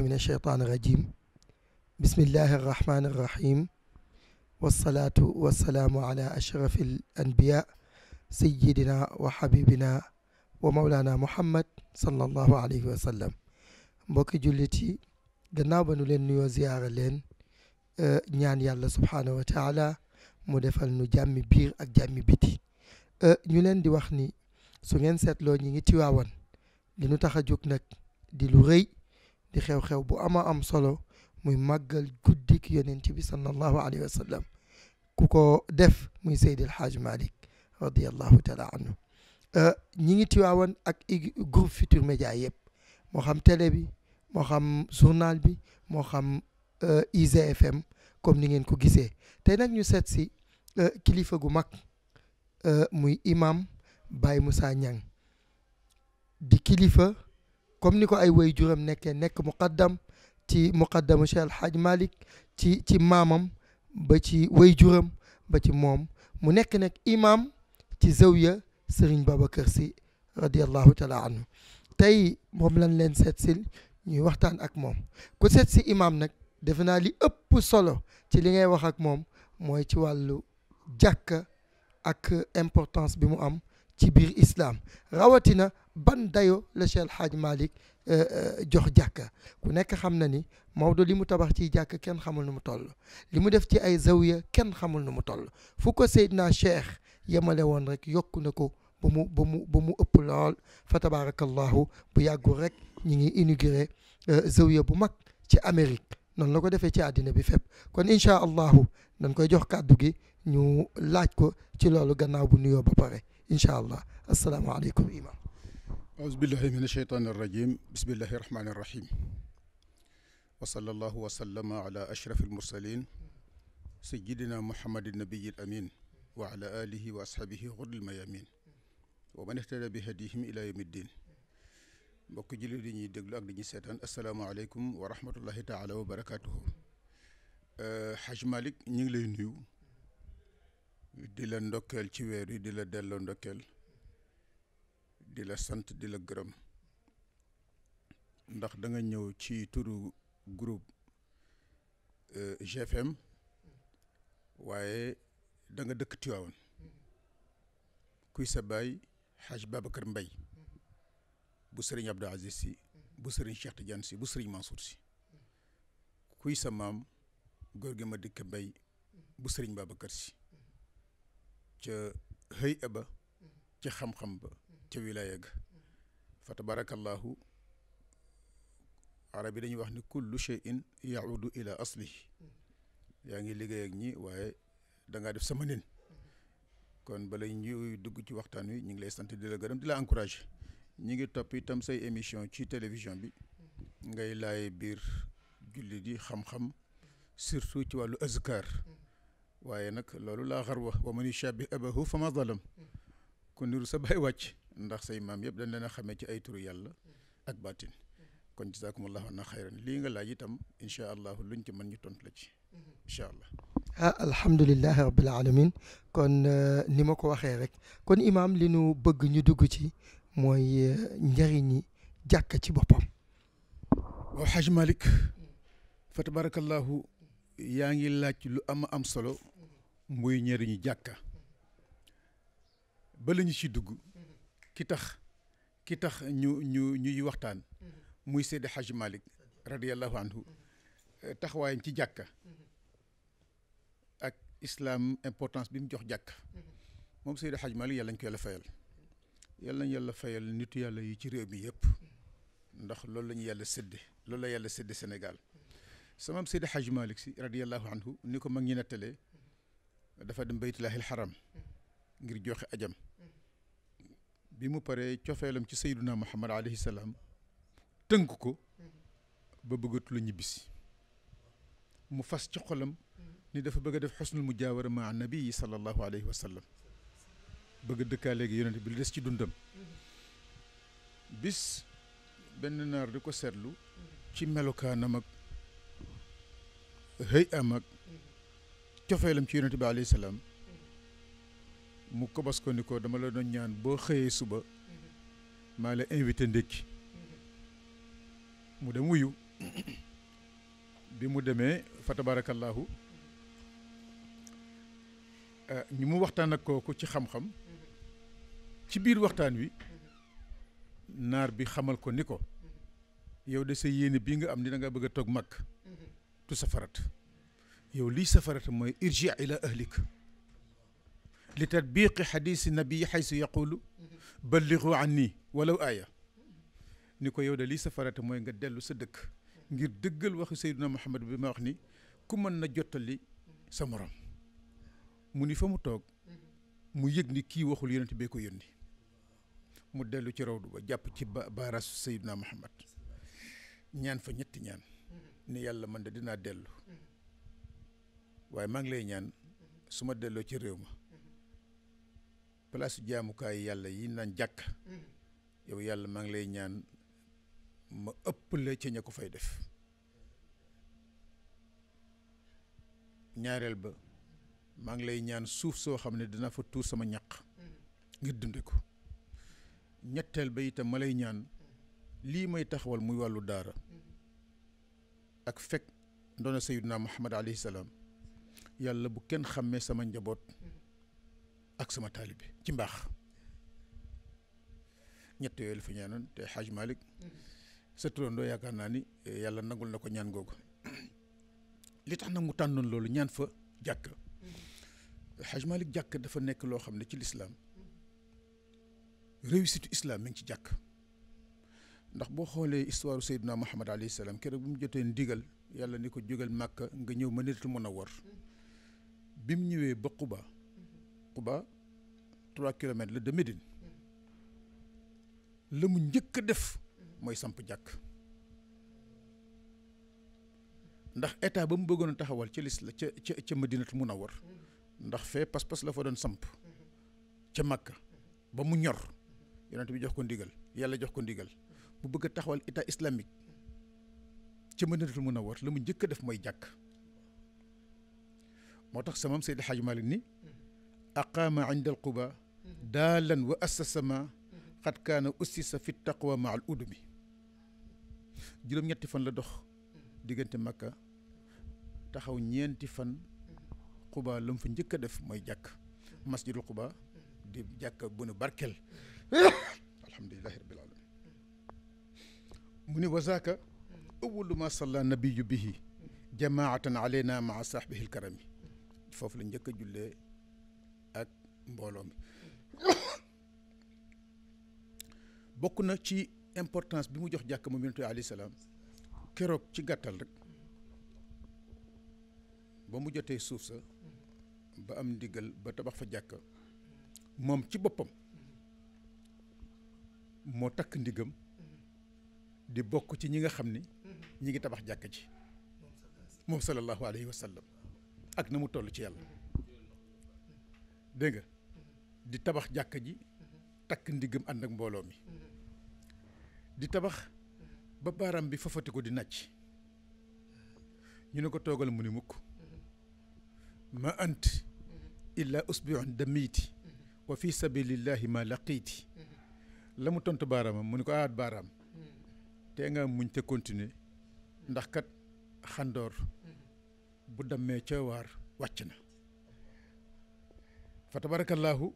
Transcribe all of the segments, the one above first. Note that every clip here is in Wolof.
بالله من الشيطان الرجيم بسم الله الرحمن الرحيم والصلاة والسلام على أشرف الأنبياء سيدنا وحبيبنا ومولانا محمد صلى الله عليه وسلم mbokki jullit yi gannaaw ba nu leen nuyoo ziyaara leen ñaan yàlla subhaanahu wa taala mu defal nu jàmmi biir ak jàmmi biti ñu leen di wax ni su ngeen seetloo ñi ngi Tiwaawan li nu tax a jóg nag di lu rëy di xew-xew bu ama am solo muy màggal guddik yonent bi sallallahu alayhi wa sallam ku def muy sayyid al Hadj malik radiyallahu taala anhu ñi ngi tiwawon ak groupe Futur Média yeb mo xam télé bi mo xam journal bi mo xam izfm comme ni ngeen ko gisee tay nak ñu seet si kilifa gu mag muy imam Baye Moussa Niang di kilifa كم نيكو اي واي جورم نيك نيك مقدم تي مقدم شي الحاج مالك تي تي مامام با تي واي جورم با تي موم مو نيك نيك امام تي زاويا سيرين بابا كرسي رضي الله تعالى عنه تاي موم لان لين سيتسيل ني وقتان اك موم كو سيتسي امام نك دفنا لي اوب سولو تي لي غاي واخ اك موم موي تي والو جاك اك امبورطانس بي مو ام ci biir islam rawatina ban dayoo la Cheikh El Hadj Malick jox jàkka ku nekk xam na ni Maodo li mu tabax ci jàkka kenn xamul nu mu toll li mu def ci ay zawiya kenn xamul nu mu toll fu ko Seydina Cheikh yemale woon rek yokku na ko ba mu ba mu ba mu ëpp bu yàggul rek ñi ngi inauguré zawiya bu mag ci Amérique noonu la ko defee ci àddina bi fépp kon incha allahu dañ koy jox kàddu gi ñu laaj ko ci loolu gannaaw bu nuyoo ba pare إن شاء الله السلام عليكم إيمان أعوذ بالله من الشيطان الرجيم بسم الله الرحمن الرحيم وصلى الله وسلم على أشرف المرسلين سيدنا محمد النبي الأمين وعلى آله وأصحابه غر الميامين ومن اهتدى بهديهم إلى يوم الدين بك julli di ñuy déglu ak di ñuy seetaan asalaamaaleykum wa rahmatullahi taala wa barakaatuhu Haj Malick ñu ngi di la ndokkeel ci weer yi di la delloo ndokkeel di la sant di la gërëm ndax danga ñëw ci turu groupe euh, GFM waaye danga nga dëkk Tiwaawan kuy sa baay Xaaj Babacar Mbay bu sëriñ Abdou Aziz si bu sëriñ Cheikh Tidiane si bu sëriñ Mansour si kuy sa maam góor gi ma dikk Mbay bu sëriñ Babacar si ca xëy ba ci xam-xam ba ca wilaaya ga fa tabarakallahu arab yi dañuy wax ni kullu shay'in yaudu ila aslihi yaa ngi liggéey ak ñi waaye dangaa def sama nin kon bala ñuy dugg ci waxtaan wi ñu ngi lay sant di la gërëm di la encouragé ñu ngi topp itam say émission ci télévision bi ngay laay biir jullit di xam-xam surtout ci wàllu azkar وينك لولو لا غروة ومن يشابه أبه فما ظلم كن نرسى باي واج ندخ سي مام يب لن لنا خميك أي تري يالا أك باتين كن جزاكم الله أنا خيرا لينغ لا يتم إن شاء الله لنك من يتون إن شاء الله ها الحمد لله رب العالمين كن نمك وخيرك كن إمام لنو بغ ندوغتي موي نجريني جاكتي بابا وحج مالك فتبارك الله yaa ngi laaj lu am am solo muy ñëriñu jàkka ba la ci dugg ki tax ki tax ñu ñu ñuy waxtaan muy Seydi Hadji Malick radiallahu anhu taxawaayam ci jàkka ak islaam importance bi mu jox jàkka moom Seydi Hadji Malick yàlla ñu yàlla fayal yàlla ñu yàlla fayal nitu yàlla yi ci réew mi yëpp ndax loolu lañu ñu yàlla sédde loolu la yàlla sedd Sénégal سمام سيدي حاج مالك رضي الله عنه نيكو ماغ ني نتالي دا فا دم بيت الله الحرام غير جوخ اجام بيمو باري تيوفيلم سي سيدنا محمد عليه السلام تنكوكو با بغوت لو نيبسي مو فاس تي خولم ني دا فا بغا ديف حسن المجاوره مع النبي صلى الله عليه وسلم بغا دكالي يونت بي ليس تي دوندم بس بن نار ديكو سيرلو تي ملوكانم xëy am ak cofeelam ci yonent bi alayhi salaam mu kobos ko ni ko dama la doon ñaan boo xëyee suba maa la invité ndékki mu dem wuyu bi mu demee fa tabarakallahu ah, ñu mu waxtaan ak kooku ci xam-xam ci biir waxtaan wi naar bi xamal ko ni ko yow de sa yéene bii nga am ni da nga bëgg a toog mag tu safarat yow lii safarata mooy irji ila ahlik li tatbiqi xadisi nabii xaysu yaqulu balligu an nii walaw aaya ni ko yow de lii safarata mooy nga dellu sa dëkk ngir dëggal waxi sayduna muhammad bi ma wax ni ku mën na jottali sa morom mu ni fa mu toog mu yëg ni kii waxul yonent bee ko yónni mu dellu ci rawdu ba jàpp ci baaraasu sayduna muhammad ñaan fa ñetti ñaan ni yàlla man de dinaa dellu waaye maa lay ñaan suma delloo ci réew ma place jaamukaay yàlla yi naan jàkk yow yàlla maa lay ñaan ma ëpp la ci ña ko fay def ñaareel ba maa ngi lay ñaan suuf soo xam ne dina fa tuur sama ñaq ngir dunde ko ñetteel ba itam ma lay ñaan lii may taxawal muy wàllu daara ak fekk ndoona sayiduna muhammad alayhi salaam yàlla bu kenn xàmmee sama njaboot ak sama taalibe ci mbaax ñett yooyu la fi ñaanoon te xaaj malik sa turandoo yaakaar naa ni eh, yàlla nangul na ko ñaan googu li tax nag mu tànnoon loolu ñaan fa jàkk xaaj malik jàkk dafa nekk loo xam ne ci lislaam réussite islaam mi ngi ci jàkk ndax boo xoolee histoire Seydina Muhammad alayhi salaam keroog bi mu jotee ndigal yàlla ni ko jógal màkka nga ñëw ma Madinatul Munawwar bi mu ñëwee ba Quba Quba trois kilomètres la de Médine la mu njëkk a def mooy samp jàkk ndax état ba mu bëggoon taxawal ca lis la ca ca ca a Munawwar ndax fee pas-pas la fa doon samp ca màkka ba mu ñor yonent bi jox ko ndigal yàlla jox ko ndigal bu bëgg taxawal état islamique ci Madinatul war la mu njëkk def mooy jàkk moo tax samam Seydi Xaaj malik ni aqama inda al quba daalan wa assasama qad kana ussisa fi taqwa ma al udumi juróom-ñetti fan la dox diggante Makka taxaw ñeenti fan Quba la mu fa njëkk def mooy jàkk masjidul Quba di jàkk bu nu barkel alhamdulilahi rabbil alamin من وزاك أول ما صلى النبي به جماعة علينا مع صاحبه الكرم فوفل نجك جل أك بولومي بكنا شيء إمبورتانس بموجه جاك مبينة عليه السلام كروك شيء قتل بموجه تيسوس بأم ديجل بتبخ فجاك مم شيء بحم motak ndigam di bokk ci ñi nga xam ni ñi ngi tabax jàkk ji moom sallallahu alayhi wa sallam ak na mu toll ci yàlla dégg nga di tabax jàkk ji takk ndiggam ànd ak mbooloo mi di tabax ba baaraam bi fafati ko di nàcc ñu ne ko toogal mu ni mukk ma ant illaa usbiun damiiti wa fi sabilillahi ma laqiiti la mu tontu baaraamam mu ne ko aat ah, baaraam te nga muñ te continuer ndax kat xandoor bu dammee ca waar wàcc na fa tabarakallaahu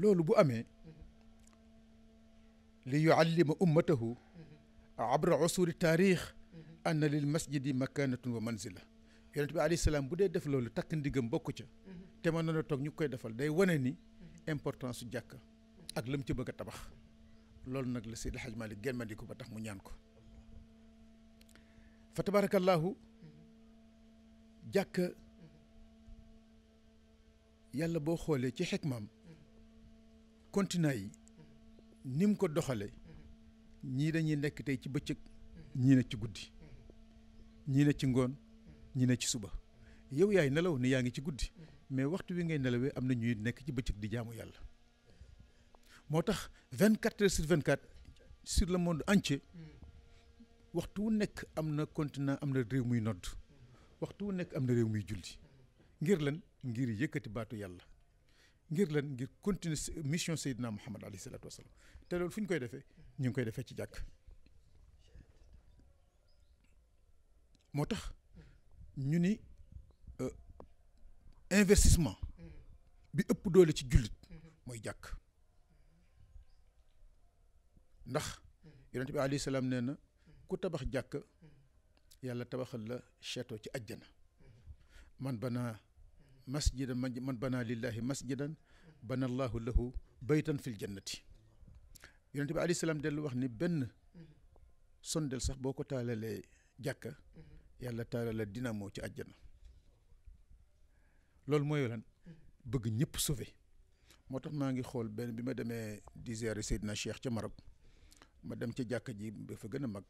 loolu bu amee li yuallima ummatahu abra usuri taarix anna lil masjidi makanatun wa manzila yonent bi alayhi salaam bu dee def loolu takk ndigam bokk ca te mën na toog ñu koy defal day wane ni importance su jàkka ak la mu ci bëgg a tabax loolu nag la si El Hadji Malick genmandiku ba tax mu ñaan ko fa tabaarakallaahu jàkk yàlla boo xoolee ci xikmaam continent yi ni ko doxale ñii dañuy nekk tey ci bëccëg ñii ne ci guddi ñii ne ci ngoon ñii ne ci suba yow yaay nelaw ne yaa ngi ci guddi mais waxtu wi ngay nelawee am na ñuy nekk ci bëccëg di jaamu yàlla moo tax vingt quatre heures sur vingt quatre sur le monde entier waxtu wu nekk am na continent am na réew muy nodd waxtu wu nekk am na réew muy julli ngir lan ngir yëkkati baatu yàlla ngir lan ngir continuer mission Seydina Muhammad alayhi salaatu wasalaam te loolu fu ñu koy defee ñu ngi koy defee ci jàkk moo tax ñu ni euh, investissement bi ëpp doole ci jullit mooy jàkk ndax yonent bi alayhi salaam nee na ku tabax jàkk yàlla tabaxal la château ci àjjana man banaa masjidan man banaa lillahi masjidan bana allahu lahu baytan fil jannati yonente bi alayhi salaam dellu wax ni benn sondel sax boo ko taalalee jàkka yàlla taalala dinamoo ci àjjana loolu mooy lan bëgg ñëpp sauver moo tax maa ngi xool benn bi ma demee di ziyaare Seydina Cheikh ca Maroc ma dem ca jàkka ji ba fa gën a mag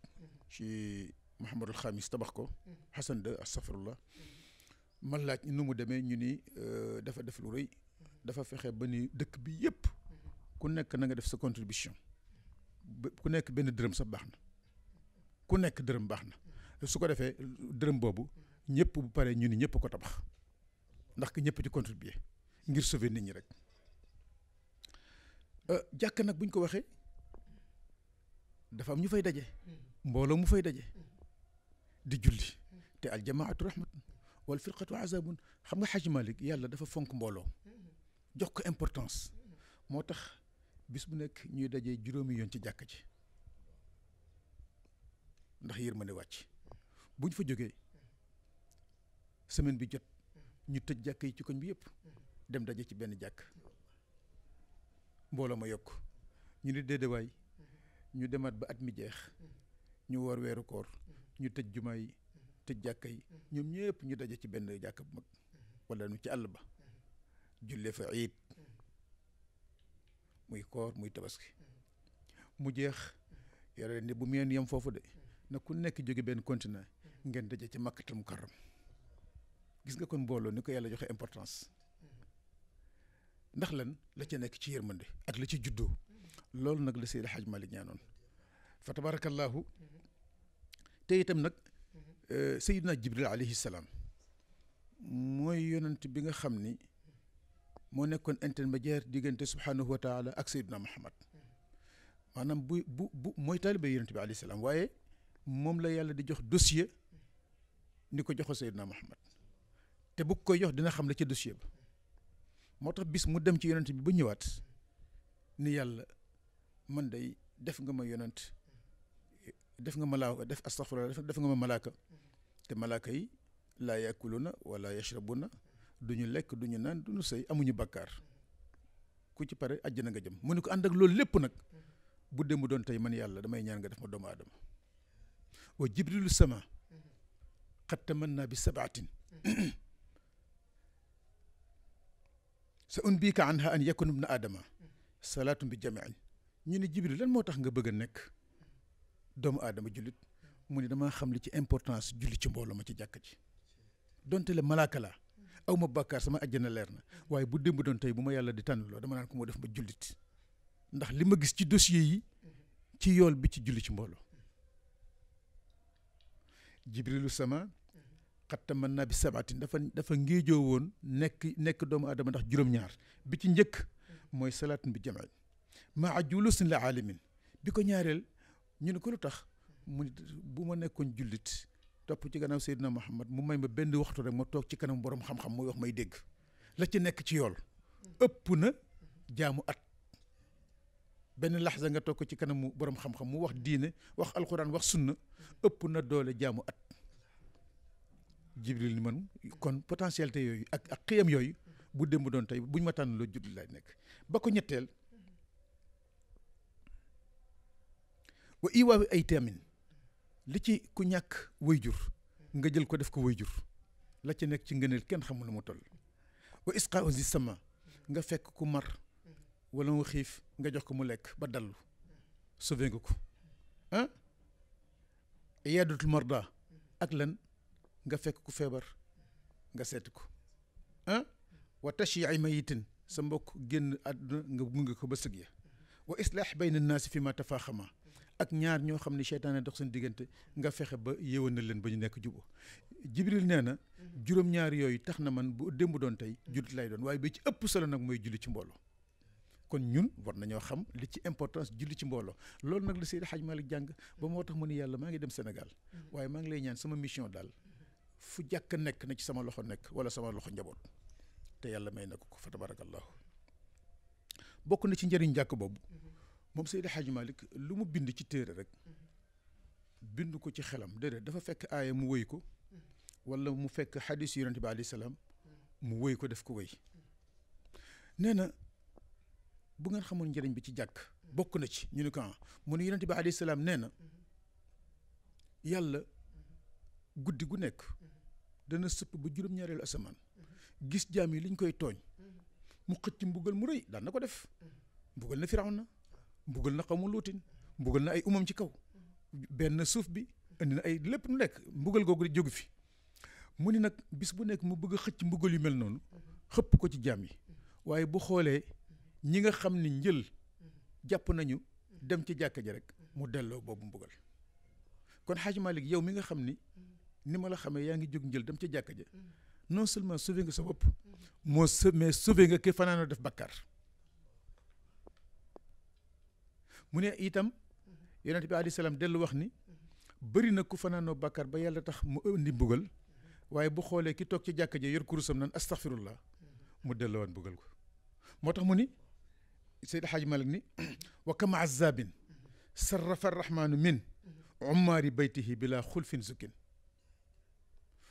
ci Mouhamadul Khamis tabax ko. Mm-hmm. Hassan de astafurlah. Mm-hmm. man laaj nu mu demee ñu ni euh, dafa def lu rëy. Mm-hmm. dafa fexe ba ni dëkk bi yëpp. ku nekk na nga def sa contribution. ku nekk benn dërëm sa baax na. ku nekk dërëm baax na su ko defee dërëm boobu ñëpp bu pare ñu ni ñëpp ko tabax ndax que ñëpp di contribuer ngir sauver nit ñi rek. Euh, jàkk nag buñ ko waxee dafa am ñu fay daje. mbooloo mu fay daje di julli te aljamaatu rahmatun wal firqatu azabun xam nga xaj malik yàlla dafa fonk mbooloo jox ko importance moo tax bis bu nekk ñuy daje juróomi yoon ci jàkk ji ndax yërmande wàcc buñ fa jógee semaine bi jot ñu tëj jàkk yi ci koñ bi yëpp dem daje ci benn jàkk mbooloo ma yokk ñu ne déedewaay ñu demaat ba at mi jeex ñu woor weeru koor ñu tëj jumaa yi tëj jàkka yi ñoom ñëpp ñu daje ci benn jàkk bu mag wala nu ci àll ba julle fa iit muy koor muy tabaski mu jeex yore ni bu meen yam foofu de na ku nekk jóge benn continent ngeen daje ci makkatul mukarram gis nga kon mbooloo ni ko yàlla joxe importance ndax lan la ci nekk ci yërmande ak la ci juddoo loolu nag la Seydi Hadj Malick ñaanoon fa tabarakallahu te itam nag Seydina Jibril alayhi salaam mooy yonent bi nga xam ni moo nekkoon intermédiaire diggante subhanahu wa taala ak Seydina Muhammad maanaam bu bu bu mooy taalibe yonent bi alayhi salaam waaye moom la yàlla di jox dossier ni ko joxo Seydina Muhammad te bu koy jox dina xam la ca dossier ba moo tax bis mu dem ci yonent bi ba ñëwaat ni yàlla man day def nga ma yonent def nga malaaka def astaghfirullah def nga ma malaaka te malaaka yi laa yàkkuluna wala yashrabuna du ñu lekk du ñu naan du ñu sëy amuñu bakkaar ku ci pare àjjana nga jëm mu ne ko ànd ak loolu lépp nag bu dee mu doon tey man yàlla damay ñaan nga def ma doomu aadama wa jibrilu sama xat taman naa bi sabaatin sa un bii ka an ha an yakun ibna aadama salaatum bi jamiin ñu ne jibril lan moo tax nga bëgg a nekk doomu aadama jullit mu ne damaa xam li ci importance julli ci mbooloo ma ci jàkk ci donte le malaaka la ma bàkkaar sama àjjana leer na waaye bu démb doon tey bu ma yàlla di tànn loo dama naan ko moo def ma jullit ndax li ma gis ci dossier yi ci yool bi ci julli ci mbooloo jibrilu sama xatta mën naa bi sabaatin dafa dafa ngéejoo woon nekk nekk doomu aadama ndax juróom-ñaar bi ci njëkk mooy salaatin bi jamaa maa julusin la aalamin bi ko ñaareel ñu ne ko lu tax mu bu ma nekkoon jullit topp ci gannaaw Seydina Muhammad mu may ma benn waxtu rek ma toog ci kanam boroom xam-xam muy wax may dégg la ci nekk ci yool ëpp na jaamu at benn laxza nga toog ko ci kanamu borom xam-xam mu wax diine wax alxuraan wax sunna ëpp na doole jaamu at jibril ni man kon potentialité yooyu ak ak xiyam yooyu bu démb doon tey buñ ma tànn loo jullit lay nekk ba ko ñetteel wa iwaawi ay teemin li ci ku ñàkk wayjur nga jël ko def ko wayjur la ci nekk ci ngëneel kenn xamul lu mu toll wa isqa aussi sama nga fekk ku mar wala mu xiif nga jox ko mu lekk ba dallu sauvé nga ko ah yaadatul marda ak lan nga fekk ku feebar nga seeti ko ah wa tashi ay mayitin sa mbokk génn àdduna nga gunge ko ba sëg ya wa islaax bayna naasi fi ma tafaaxama ak ñaar ñoo xam ne seytaane dox seen diggante nga fexe ba yéwén na leen ba ñu nekk jubo jibril nee na mhm. juróom-ñaar yooyu tax na man bu démb doon tey jullit lay doon waaye bi ci ëpp solo nag mooy julli ci mbooloo kon ñun war ñoo xam li ci importance julli ci mbooloo loolu nag la xaj Hadj li jàng ba moo tax mu ne yàlla maa ngi dem Sénégal mhm. waaye maa ngi lay ñaan sama mission daal fu jàkk nekk na ci sama loxo nekk wala sama loxo njaboot te yàlla may na ko ko fa tabarakallahu bokk na ci njëriñ jàkk boobu mhm. mom sayyid Hadj malik lu mu bind ci téere rek bind ko ci xelam déedéet dafa fekk aya mu wéy ko wala mu fekk hadith yonente bi alayhi salaam mu wéy ko def ko wéy neena bu ngeen xamone njëriñ bi ci jàkk bokk na ci ñu ni ko mu ni yonente bi alayhi salaam nee yàlla guddi gu nekk dana sëpp ba juróom-ñaareelu asamaan gis jaam yi liñ koy tooñ mu xëcc mbugal mu rëy daan na ko def mbugal na firaw na mbugal na xamu luutin mbugal na ay umam ci kaw benn suuf bi indi na ay lépp nu nekk mbugal googu jóg fi mu ni nag bis bu nekk mu bëgg xëcc mbugal yu mel noonu xëpp ko ci jaam yi waaye bu xoolee ñi nga xam ni njël jàpp nañu dem ci jàkka ji rek mu delloo boobu mbugal kon Xaaj Malik yow mi nga xam ni ni ma la xamee yaa ngi jóg njël dem ci jàkka ja non seulement sauvé nga sa bopp moo mais sauvé nga ki fanaanoo def bakkaar mu ne itam yonent bi alayhi salaam delu wax ni bari na ku fanano bakkar ba yàlla tax mu indi mbugal waye bu xole ki tok ci jàkka ji yor kurusam nan astaghfirullah mu delu won bugal ko motax tax mu ni Seydi Xaaj Malik ni wa kam azabin sarrafa arrahman min عمار بيته بلا خلف zukkin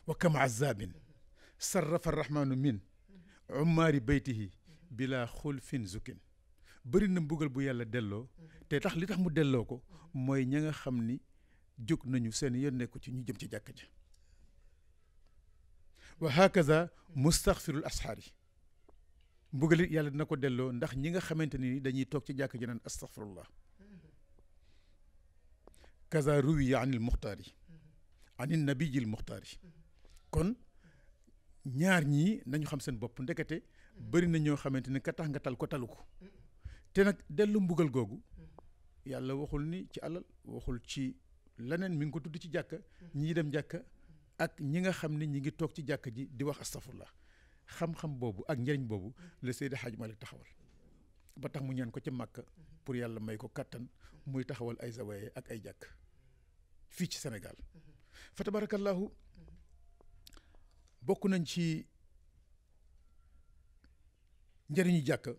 وكم عذاب صرف الرحمن من عمار بيته بلا خلف xulfin bëri na mbugal bu yàlla delloo mhm. te tax li tax mu delloo ko mooy ña nga xam ni jóg nañu seen yoon nekku ci ñu jëm ci jàkk ja wa hakaza mustaxfirul asxaari mbugal it yàlla dina ko delloo ndax ñi nga xamante ni dañuy toog ci jàkk ji naan astaxfirullah kaza ruwiya anil muxtaari mhm. anil nabiyil muxtaari mhm. kon ñaar ñii nañu xam seen bopp ndekete bari na ñoo xamante ni ka tax nga tal ko talu ko te nag dellu mbugal googu yàlla waxul ni ci alal waxul ci leneen mi ngi ko tudd ci jàkka ñi dem jàkka ak ñi nga xam ne ñi ngi toog ci jàkka ji di wax a astafurlah xam-xam boobu ak njëriñ boobu la Seydi Hadj Malick taxawal ba tax mu ñaan ko ci màkk pour yàlla may ko kàttan muy taxawal ay zawaye ak ay jàkk fii ci senegal fa tabarakallahu bokk nañ ci njëriñu jàkka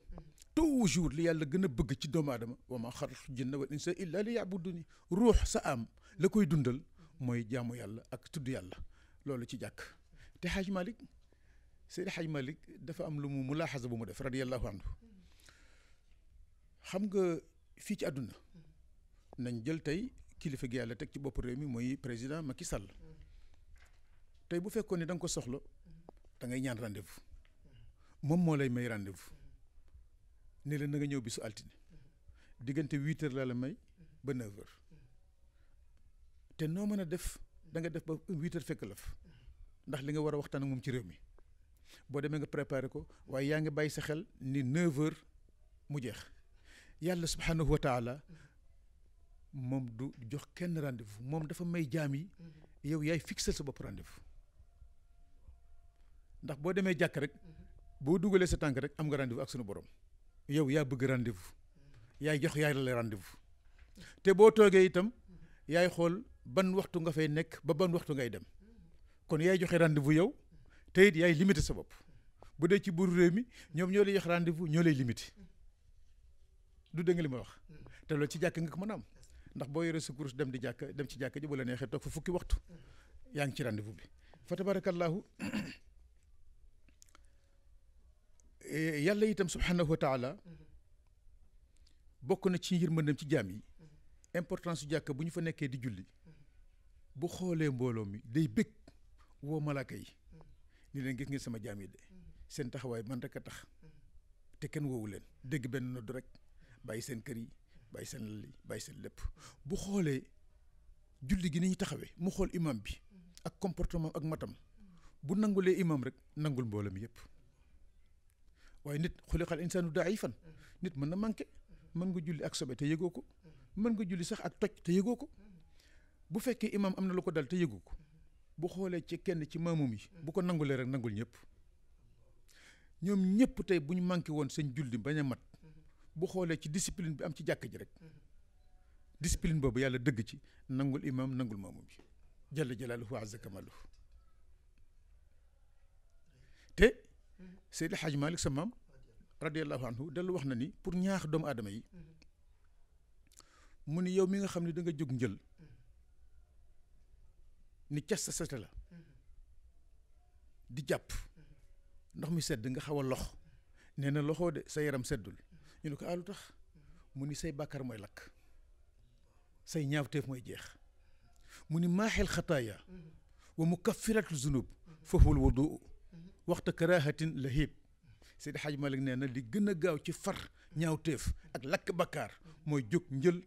toujours li yàlla gën a bëgg ci doomu aadama wa ma xalaqtu jinna wal insa illa li yabuduni ruux sa am la koy dundal mooy jaamu yàlla ak tudd yàlla loolu ci jàkk te xaaj malik seydi malik dafa am lu mu mu mulaaxasa bu mu def radiallahu anhu xam nga fii ci àdduna nañ jël tey kilifa gi yàlla teg ci bopp réew mi mooy président Macky Sall tey bu fekkoon ni da ko soxla da ñaan rendez moom moo lay may rendez ne la na nga ñëw bisu altine diggante huit heures laa la may ba neuf te noo mën a def danga def ba huit heures fekk la ndax li nga war a waxtaan ak moom ci réew mi boo demee nga préparé ko waaye yaa ngi bàyyi sa xel ni neuf heures mu jeex yàlla subhanahu wa taala moom du jox kenn rendez moom dafa may jaam yi yow yaay fixer sa bopp rendez-vous ndax boo demee jàkk rek boo dugalee sa tànk rek am nga rendez ak sunu borom yow yaa bëgg rendez-vous yaay jox yaay la la rendez-vous te boo toogee itam yaay xool ban waxtu nga fay nekk ba ban waxtu ngay dem kon yaay joxe rendez-vous yow te it yaay limité sa bopp bu dee ci buur réew mi ñoom ñoo lay jox rendez-vous ñoo lay limité du dégg li ma wax te loolu ci jàkk nga ko mën am ndax boo yore sa dem di jàkk dem ci jàkk ji la neexee toog fa fukki waxtu yaa ngi ci rendez bi fa tabarakallahu yàlla itam subhanahu wa taala bokk na ci yërmandam ci jaam yi importance su jàkka bu ñu fa nekkee di julli bu xoolee mbooloo mi day bëgg woo malaaka yi ni leen gis ngeen sama jaam yi de seen taxawaay man rek a tax te kenn woowu leen dégg benn nodd rek bàyyi seen kër yi bàyyi seen lal bàyyi seen lépp bu xoolee julli gi ni ñu taxawee mu xool imam bi ak comportement ak matam bu nangulee imam rek nangul mbooloo mi yëpp waaye nit xuliqal insaanu daifan nit mën na manqué mën nga julli ak sobe te yëgoo ko mën nga julli sax ak toj te yëgoo ko bu fekkee imaam am na lu ko dal te yëgoo ko bu xoolee ci kenn ci maamum yi bu ko nangulee rek nangul ñëpp ñoom ñëpp tey bu ñu manqué woon seen julli bañ a mat bu xoolee ci discipline bi am ci jàkk ji rek discipline boobu yàlla dëgg ci nangul imaam nangul maamum yi jalla jalaaluhu azza kamaluhu te Seydi El Hadj sa maam radiallahu anhu dellu wax na ni pour ñaax doomu aadama yi mu ni yow mi nga xam ne danga nga jóg njël ni cas sa sete la di jàpp ndox mi sedd nga xaw a lox nee na loxoo de sa yaram seddul ñu ne ko alu ah tax mu ni say bàkkar mooy lakk say ñaawteef mooy jeex mu ni maaxel xataaya wa mu kaffiratul zunub foofu wal وقت كراهة لهيب سيد حاج مالك نانا لي گنا گاو سي فر نياوتيف اك لك بكار مو جوك نجل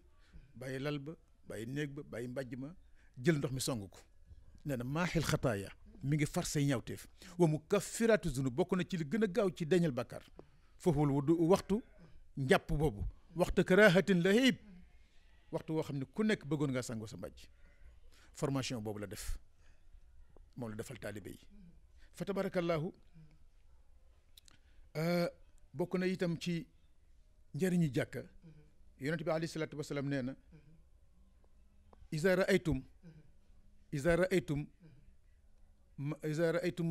باي لالب باي نيغب باي مباجما جيل ندخ مي سونغوكو نانا ماحل خطايا ميغي فر سي تيف ومكفرات ذنوب بوكنا سي لي گنا گاو سي دانيال بكار فهو الودو وقتو نياب بوبو وقت كراهة لهيب وقت وخم ني كو نيك بيغون گا سانغو سا مباج فورماسيون بوبو لا ديف مول ديفال طالبي fa tabarakallahu euh, bokk na itam ci njëriñu jàkka mm-hmm. yonent bi alayhi salaatu wasalaam nee na iza raaytum iza raaytum iza raaytum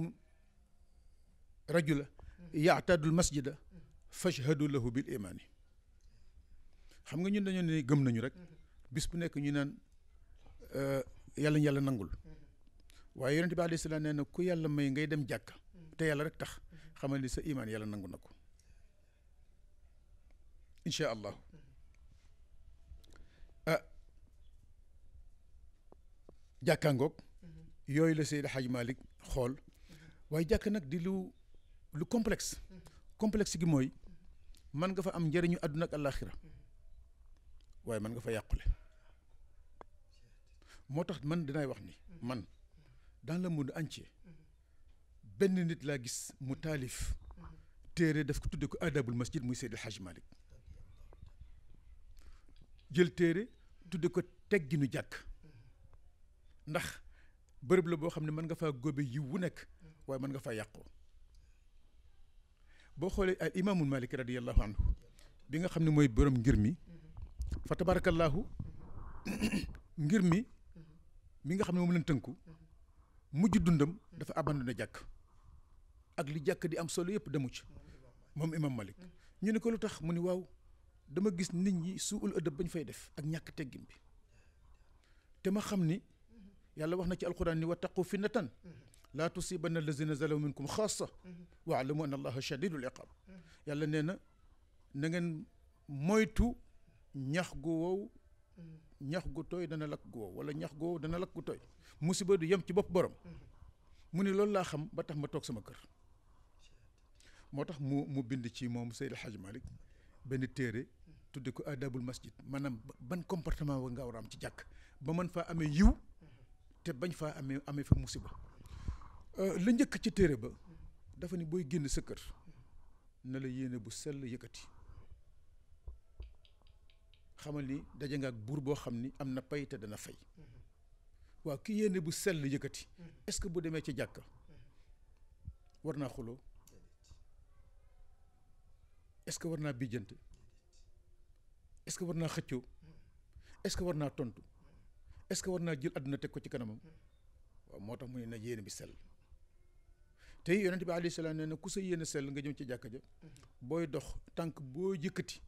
rajula mm-hmm. yaatadul masjida mm-hmm. fashhadu lahu bil imaani xam nga ñun dañoo ne gëm nañu rek bis bu nekk ñu naan euh, yàlla ñu yàlla nangul waaye yonent bi alayhi salaam nee ku yàlla may ngay dem jàkk mm. te yàlla rek tax xamal ni sa imaan yàlla nangu na ko incha allah mm-hmm. ah jàkkaangoog mm-hmm. yooyu la Seydi Hadj Malick xool mm-hmm. waaye jàkk nag di lu lu complexe complexe gi mooy man nga fa am njëriñu àdduna ak àllaaxira waaye mën nga fa yàqule ah. moo tax man dinaay wax ni man dans le monde entier benn nit laa gis mu taalif téere daf ko tudd ko adabul masjid muy Seydi El Hadj jël téere tudde ko tegginu jàkk ndax bërëb la boo xam ne mën nga faa góobe yiw nekk waaye mën nga faa yàqoo boo xoolee al imaamul malik radiallahu anhu bi nga xam ne mooy borom ngir mi fa tabarakallahu ngir mi mi nga xam ne moom lañ tënku mujj dundam dafa abandonné jàkk ak li jàkk di am solo yëpp demu ci moom imam Malik ñu ne ko lu tax mu ni waaw dama gis nit ñi suul ëdëb bañ fay def ak ñàkk teggin bi te ma xam ni yàlla wax na ci alquran ni wattaqu fitnatan laa tusibanna allazina zalamu minkum xaasa wa alamu an allaha shadidul iqab yàlla nee na na ngeen moytu ñax gu wow ñax gu tooy dana lakk goow wala ñax goow dana lakk gu tooy musiba du yem ci bopp borom mu ne loolu laa xam ba tax ma toog sama kër moo tax mu mu bind ci moom Seydi El Hadji benn téere tudde ko adabul masjid maanaam ban comportement wa nga war am ci jàkk ba man faa amee yiw te bañ faa amee amee fa musiba euh, la njëkk ci téere ba dafa ni booy génn sa kër na la yéene bu sell yëkkati xamal ni daje nga ak buur boo xam ni am na pay te dana fay waaw ki yéene bu sell yëkkati est bu demee ci jàkka war naa xuloo est-ce que war naa bijjante est war naa xëccoo est war naa tontu est war naa jël àdduna teg ko ci kanamam waaw moo tax mu ne na bi sell tey yonent bi alayhi salaam nee ku sa yéene sell nga ñëw ci jàkka ja booy dox tànk boo yëkkati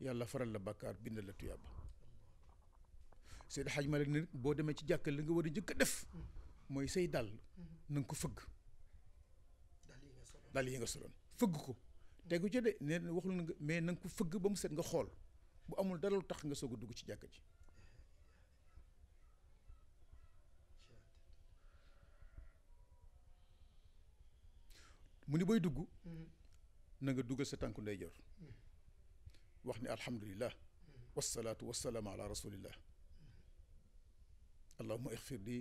yàlla faral la bàkkaar bind la tuyaaba Seydi Hadj Malick ne boo demee ci jàkka li nga war a jëkk a def mooy say dàll na nga ko fëgg dàll yi nga soloon fëgg ko tegu ca de nee na waxul nga mais na nga ko fëgg ba mu set nga xool bu amul dara lu tax nga soog a dugg ci jàkka ji mu ni booy dugg mm-hmm. na nga duggal sa tànku ndeyjoor mm-hmm. wax ni alhamdulillah wasalaatu wasalaamu ala rasulillah allahuma ixfir li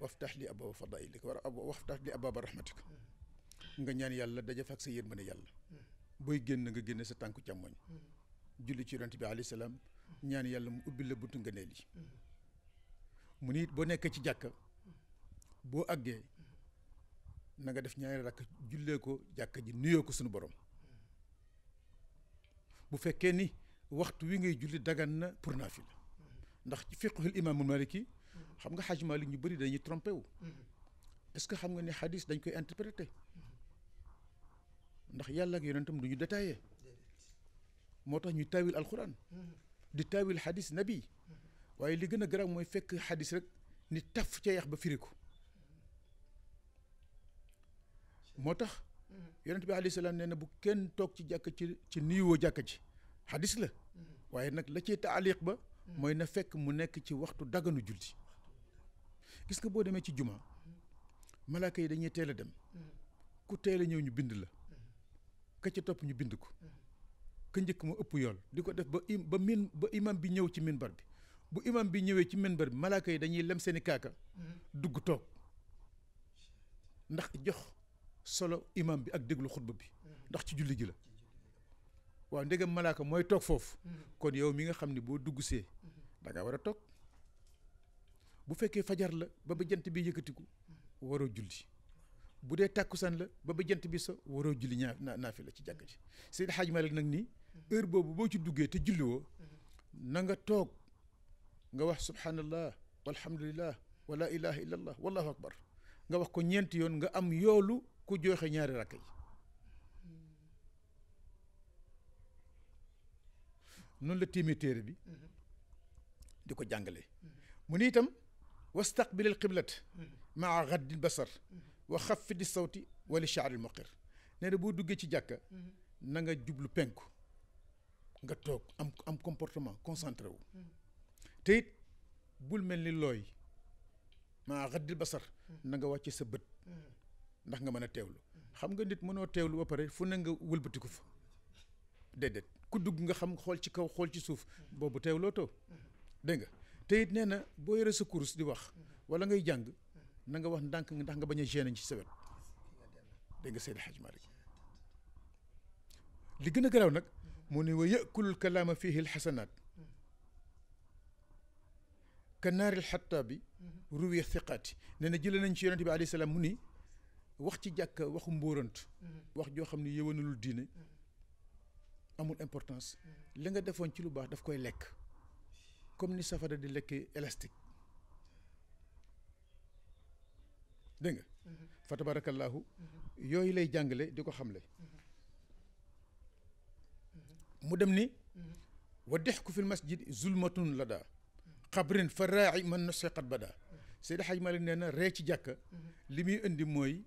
waftax li ababa fadailika war waftax li ababa rahmatika nga ñaan yàlla dajaf ak sa yërmande yàlla booy génn nga génne sa tànku càmmoñ julli ci yonent bi alayhi salaam ñaan yàlla mu ubbi la buntu ngëneel yi mu ni boo nekkee ci jàkka boo àggee nanga nga def ñaari rakk jullee ko jàkka ji nuyoo ko sunu borom bu fekkee ni waxtu wi ngay julli dagan na pour naafila ndax ci fiqhul imam maliki xam nga xaj malik ñu bëri dañuy trompé wu est-ce que xam nga ni xadis dañ koy interprété ndax yàlla ak yonentam du ñu détaillé moo tax ñuy taawil alquran di tawil xadis nabi waaye li gën a garaaw mooy fekk xadis rek ni taf ca yax ba firi ko moo tax yonent bi alayhi salaam nee na bu kenn toog ci jàkk ci ci nuyoo jàkk ji xadis la waaye nag la ciy taaliq ba mooy na fekk mu nekk ci waxtu daganu julli gis nga boo demee ci juma malaaka yi dañuy teel a dem ku teel a ñëw ñu bind la ka ca topp ñu bind ko ka njëkk moo ëpp yool di ko def ba im ba min bi ñëw ci minbar bi bu imam bi ñëwee ci minbar bi malaaka yi dañuy lem seeni kaaka dugg toog ndax jox solo imam bi ak déglu xutba bi ndax ci julli ji la waaw ndegam malaaka mooy toog foofu kon yow mi nga xam ne boo dugg see da war a toog bu fekkee fajar la ba ba jant bi yëkkatiku waroo julli bu dee tàkkusaan la ba ba jant bi sa waroo julli ñaa naa naafi la ci jàkk ji Seydi ma Malick nag nii heure boobu boo ci duggee te julli woo na nga toog nga wax subhanallah walhamdulillah wala ilaha illallah akbar nga wax ko ñeenti yoon nga am yoolu ku joxe ñaari rakk yi noonu la tiimee téere bi di ko jàngale mu ni itam wastaqbil al qiblat maa gaddil basar wa xafidi sawti wali chaaril muqir nee boo duggee ci jàkka na nga jublu penku nga toog am am comportement concentré wu bul mel ni looy maa gaddil basar na nga wàcce sa bët ndax nga mën a teewlu xam nga nit mënoo teewlu ba pare fu ne nga wëlbatiku fa déedéet ku dugg nga xam xool ci kaw xool ci suuf boobu teewloo too dégg nga te it nee na boo yore sa course di wax wala ngay jàng na nga wax ndànk ndax nga bañ a gêner ci sa wet dégg nga Seydi Hadj Malick li gën a garaaw nag mu ne wa yakulul kalaama fiihi alxasanaat ka naaril xattaabi ruwi thiqaati nee na jëlee nañ ci yonente bi alayhi salaam mu ni wax ci jàkk waxu mbóorant mm-hmm. wax joo xam ne yëwanalul diine mm-hmm. amul importance mm-hmm. li nga defoon ci lu baax daf koy lekk comme ni safara di lekkee élastique dégg fa tabarakallahu yooyu lay jàngale di ko xamle mu dem ni wa dex ku fil masjid zulmatun la daa xabrin fa raaci man nose ba daa Seydi Hajji Maalik nee na ree ci jàkka li muy indi mooy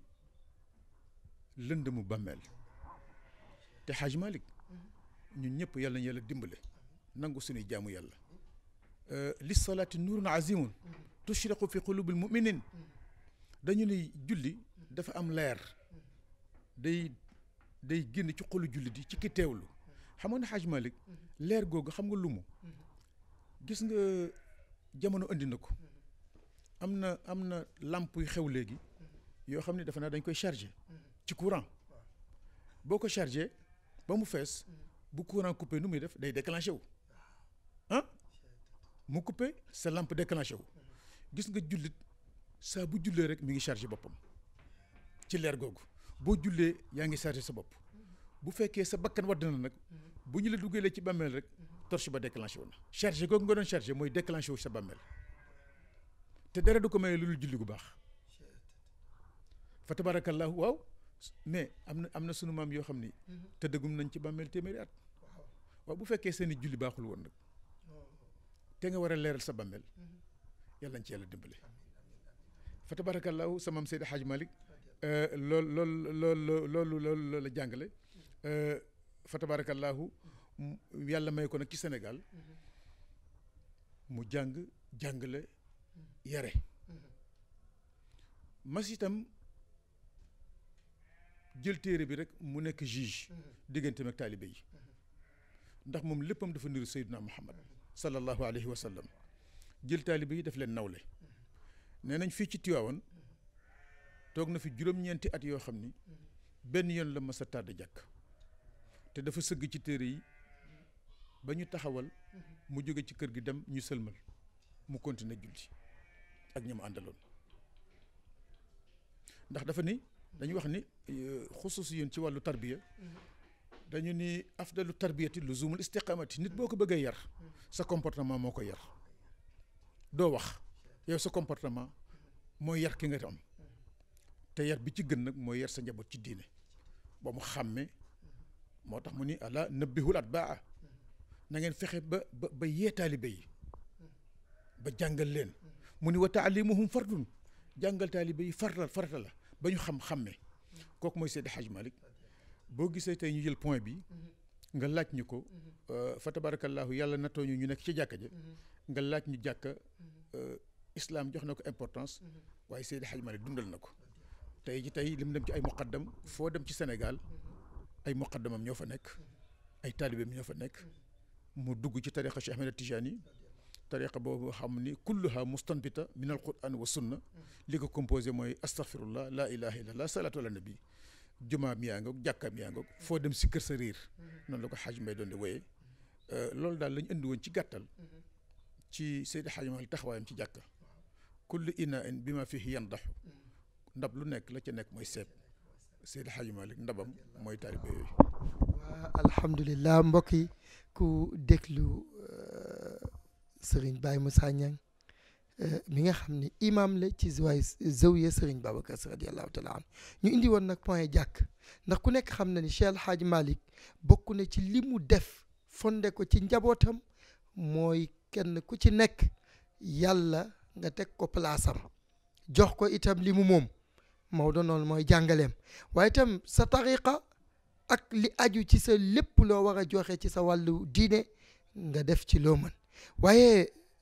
lëndëmu bàmmeel te Xaaj Malik ñun ñëpp yàlla na yàlla dimbale nangu suñuy jaamu yàlla euh, li salaati nuurun azimun tushraqu fi qulubil muminin dañu ne julli dafa am leer day day génn ci xolu julli di ci ki teewlu xam nga ne Xaaj Malik leer googu xam nga lu gis nga jamono andi na ko am na am na làmp xew léegi yoo xam ne dafa naa dañ koy chargé ci courant boko ko chargé ba mu fees bu courant coupé nu muy def day déclencher wu ah mu coupé sa lampe déclenché wu gis nga julit sa bu jullee rek mi ngi chargé bopam ci leer googu bo jullee ya ngi chargé sa bop bu fekkee sa bakkan wadd na nag bu ñu la duggalee ci bàmmeel rek torche ba déclenché wu na chargé googu nga doon chargé mooy déclenché wu sa bàmmeel té dara du ko maye lu julli gu bax fa tabarakallah waaw mais am na am na sunu maam yoo xam ni. Mhm. te dëggum nañ ci bàmmeel téeméeri at. waaw bu fekkee seen i julli baaxul woon nag. te nga war a leeral sa bàmmeel. Mhm. yàlla nañ ci yàlla dimbale. fa tabarakallahu sa maam Seydi Hadj Malick. Euh, lool lool lool loolu la jàngale. Mhm. Euh, fa yàlla may ko nag ci Sénégal. mu jàng jàngale yare mas itam. jël téere bi rek mu nekk juge digganteem ak taalibe yi ndax moom léppam dafa niru Seydina Muhammad sallallahu alayhi wa sallam jël taalibe yi daf leen nawle nee nañ fii ci Tiwaawan toog na fi juróom-ñeenti at yoo xam ni benn yoon la mas a tàdd jàkk te dafa sëgg ci téere yi ba ñu taxawal mu jóge ci kër gi dem ñu sëlmal mu continuer julli ak ña mu àndaloon ndax dafa ni dañuy wax ni xusuus ci walu tarbiya dañu ni afdalu tarbiyati luzumul istiqamati nit boko ko yar sa comportement moko yar do wax yow sa comportement moy yar ki nga am te yar bi ci gën nak moy yar sa njabot ci diine ba mu xamé motax mu ni ala nabihul atba'a na ngeen fexe ba ba ba yee yi ba jàngal leen mu ni wa ta'limuhum fardun jàngal talibé yi fartal farata la ba ñu xam xàmme kooku mooy Seydi Hadj Malick boo gisee tey ñu jël point bi nga laaj ñu ko fa tabarakallahu yàlla nattoo ñu ñu nekk ci jàkka ja nga laaj ñu jàkka islam jox na ko importance waaye Seydi Hadj Malick dundal na ko tey ji tey li mu dem ci ay muqaddam foo dem ci Sénégal ay muqaddamam ñoo fa nekk ay taalibeem ñoo fa nekk mu dugg ci tariqa Cheikh Ahmed Tijani tariqa boobu xam ni kulluha mustanbita min alquran wa sunna li ko composé mooy astaghfirullah la ilaha illallah salatu ala nabi jumaam yaa ngoog jàkkaam yaa ngoog foo dem si kër sa riir noonu la ko xaaj mbay doon di woyee loolu daal la ñu indi woon ci gàttal ci Seydi Xaaj Maalik taxawaayam ci jàkka kullu ina in bi ma fihi yandaxu ndab lu nekk la ca nekk mooy seet Seydi Xaaj Maalik ndabam mooy taalibe yooyu waa alhamdulilah mbokk yi ku déglu sëriñ baay Moussa Niang eh, mi nga xam ne imam la ci waay zawiya sëriñ Babacar Sy radiyallahu taala an ñu indi woon nag point jàkk ndax ku nekk xam na ni Cheikh El Hadj Malick bokk na ci li mu def fonde ko ci njabootam mooy kenn ku ci nekk yàlla nga teg ko palaasam jox ko itam limu mu moom Maodo noonu mooy jàngaleem waaye itam sa tariqa ak li aju ci sa lépp loo war a joxe ci sa wàllu diine nga def ci loo waaye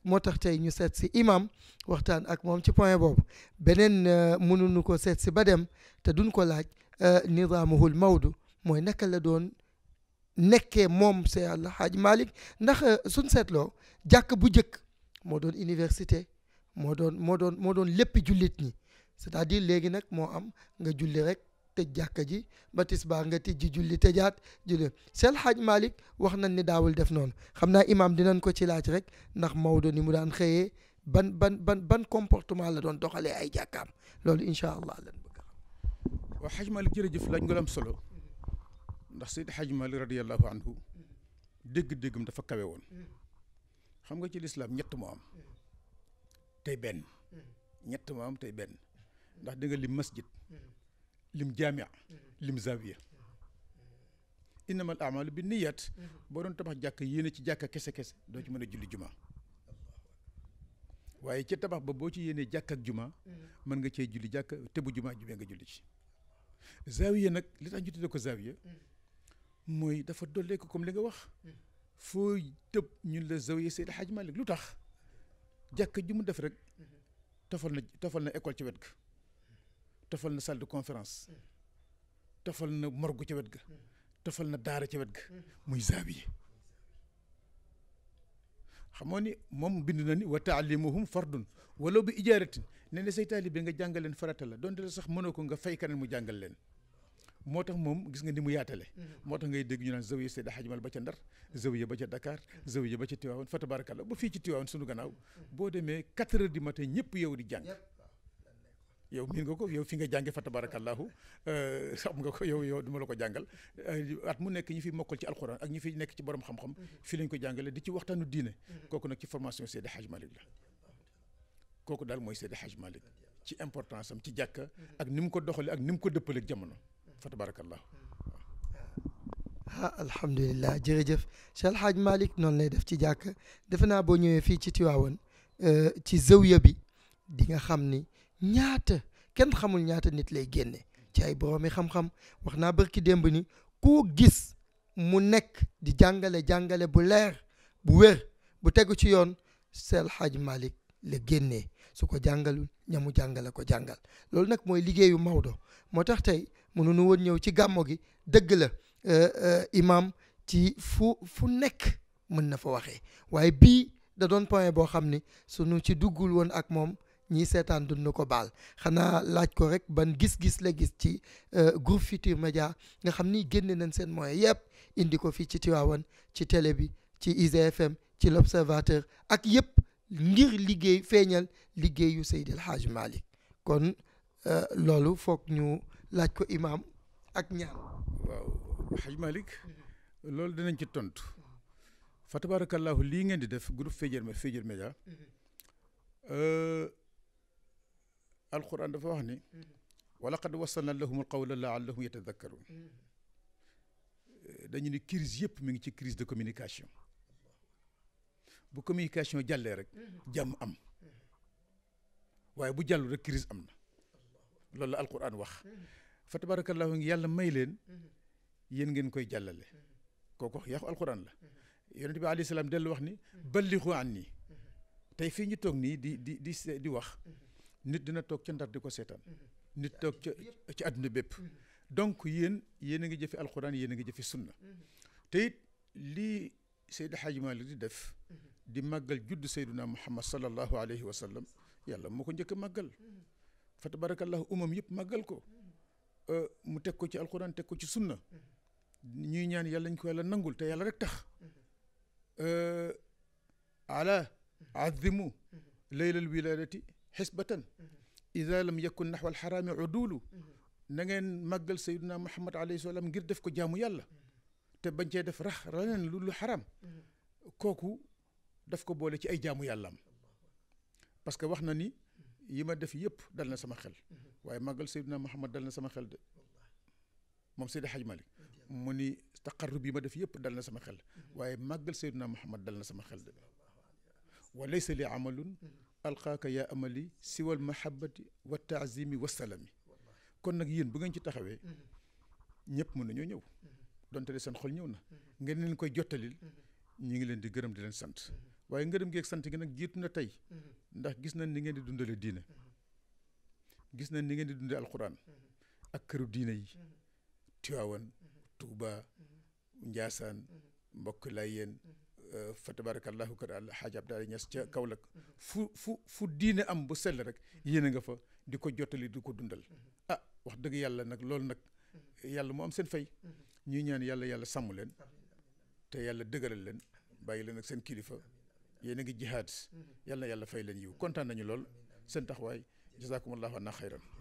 moo tax tey ñu seet si imam waxtaan ak moom ci point boobu beneen euh, mënuñu ko seet si ba dem te duñ ko laaj euh, nidaamuhul mawdu mooy naka la doon nekkee moom see àlla haaj malik ndax euh, suñ seetloo jàkk bu jëkk moo doon université moo doon moo doon moo doon lépp jullit ñi c'est-à-dire léegi nag moo am nga julli rek تجاكجي باتيس بانغتي جي جولي تجات جولي سيل حاج مالك واخنا ني داول ديف نون خمنا امام دي نان كو تي لاج ريك ناخ مودو ني مودان خيي بان بان بان بان كومبورتمان لا دون دوخالي اي جاكام لول ان شاء الله لن بغا وحاج مالك جيري جيف لاج غولام سولو ناخ سيد حاج مالك رضي الله عنه ديغ ديغم دا فا كاوي وون خمغا تي الاسلام نيت مو ام تي بن نيت مو ام تي بن ناخ ديغا لي مسجد لمجامع لمزاويه انما الاعمال بالنيات بورون تبخ جاك يينا سي جاك كيس كيس دو سي مانا جولي جمعه واي سي تبخ با بو سي يينا جاك جمعه مانغا سي جولي جاك تبو جمعه جوبي nga جولي سي زاويه نك لي تان جوتي دوكو زاويه موي دا فا دولي كو كوم لي nga واخ فو تب ني لا زاويه سي الحاج مالك لوتاخ جاك جمعه داف رك تفال نا تفال نا ايكول سي ويدك tofal na salle de conférence tofal na morgue ca wet ga tofal na daara ca wet ga muy zaawiye xamoo ni moom bind na ni wa taalimuhum fardun walaw bi ijaaratin ne ne say taalibe nga jàngal leen farata la donte la sax mënoo ko nga fay kaneen mu jàngal leen moo tax moom gis nga ni mu yaatale moo tax ngay dégg ñu naan zawiya Seydi Hadji Mal ba ca Ndar zawiya ba ca Dakar zawiya ba ca Tivaouane fa tabarakallah ba fii ci Tivaouane sunu gannaaw boo demee quatre heures du matin ñëpp yow di jàng yow miin nga ko yow fi nga jànge fa tabarakallahu xam nga ko yow yow duma la ko jàngal at mu nekk ñi fi mokkal ci alquran ak ñi fi nekk ci borom xam-xam fi lañ ko jàngale di ci waxtaanu diine kooku nag ci formation Seydi Hadj Malick la kooku daal mooy Seydi Hadj Malick ci importance am ci jàkka ak ni mu ko doxale ak ni mu ko dëppale ak jamono fa tabarakallahu ah alhamdulilah jërëjëf Cheikh Alhaaj Malick noonu lay def ci jàkk defe naa boo ñëwee fii ci Tiwaawan ci zawiya bi di nga xam ni ñaata kenn xamul ñaata nit lay génne ci ay boroomi xam-xam wax naa bërki démb ni ku gis mu nekk di jàngale jàngale bu leer bu wér bu tegu ci yoon sel Hadj malik la génnee su ko jàngalul ñamu jàngale ko jàngal loolu nag mooy liggéeyu Maodo moo tax tey mënuñu woon ñëw ci gàmmo gi dëgg la euh, euh, imam ci fu fu nekk mën na fa waxee waaye bii da doon point boo xam ni sunu ci duggul woon ak moom ñiy seetaan dund ko baal xanaa laaj ko rek ban gis-gis la gis ci euh, groupe Futurs Médias nga xam ni génne nañ seen moyens yëpp indi ko fii ci Tivaouane ci télé bi ci IGFM ci l'Observateur ak yépp ngir liggéey feeñal liggéeyu Seydi El Hadj Malick kon euh, loolu foog ñu laaj ko imaam ak ñaan waaw Hadj Malick loolu dinañ ci tontu fa tabarakallahu lii ngeen di def groupe Futurs Médias mm-hmm. euh, القران دفا وخني ولقد وصلنا لهم القول لعلهم يتذكرون دا ني كريز ييب ميغي سي كريز دو كومونيكاسيون بو كومونيكاسيون جالي رك جام ام واي بو جالو رك كريز امنا لول القران واخ فتبارك الله يالا مايلين يين نين كوي جالالي كوكو ياخ القران لا يونتي عليه السلام دل وخني بلغوا عني تاي في ني توك ني دي دي دي واخ nit dina toog ca ndar di ko seetaan mm-hmm. nit toog ca ci àdduna bépp mm-hmm. donc yéen yéen a ngi jëfe alxuraan yéen a ngi jëfe sunna mm-hmm. te it lii Seydi Hadji Malick di def di màggal judd Seyduna Muhammad sallallahu alayhi a màggal fa tabarakallahu ko euh, mu teg ci alxuraan teg ko ci sunna ñuy ñaan yàlla ñu ko te yàlla rek tax euh, ala azimu laylal wiladati حسبة إذا لم يكن نحو الحرام عدول نغن مغل سيدنا محمد عليه السلام غير ديف كو جامو يالا تي بانتي رخ رنن لولو حرام كوكو داف بولي اي جامو يالا باسكو واخنا ني يما ديف ييب دالنا سما خيل واي مغل سيدنا محمد دلنا سما خيل دي موم حاج مالك موني تقربي ما ديف ييب دالنا سما خيل واي مغل سيدنا محمد دلنا سما خيل وليس لي عمل alqaaka yaa amali siwal mahabati wa taazimi wa salami kon nag yéen bu ngeen ci taxawee ñëpp mën nañoo ñëw donte de seen xol ñëw na ngeen leen koy jottalil ñi ngi leen di gërëm di leen sant waaye ngërëm gi ak sant gi nag jiitu na tey ndax gis nañ ni ngeen di dundale diine gis nañ ni ngeen di dundee alquran ak këru diine yi Tiwaawan Tuuba Njaasaan mbokk Layeen fa tabarakallahu kër alxaaj Abdoulaye Niass ca Kaolack fu fu fu diine am bu sell rek yéen a nga fa di ko jottali di ko dundal uhuh. ah wax dëgg yàlla nag loolu nag uhuh. yàlla mu am seen fay uhuh. ñuy ñaan yàlla yàlla sàmm leen te yàlla dëgëral leen bàyyi leen ak seen kilifa yéen a ngi jihaad yàlla na yàlla fay leen yiw kontaan nañu lool seen taxawaay jazaakumullahu anna xayran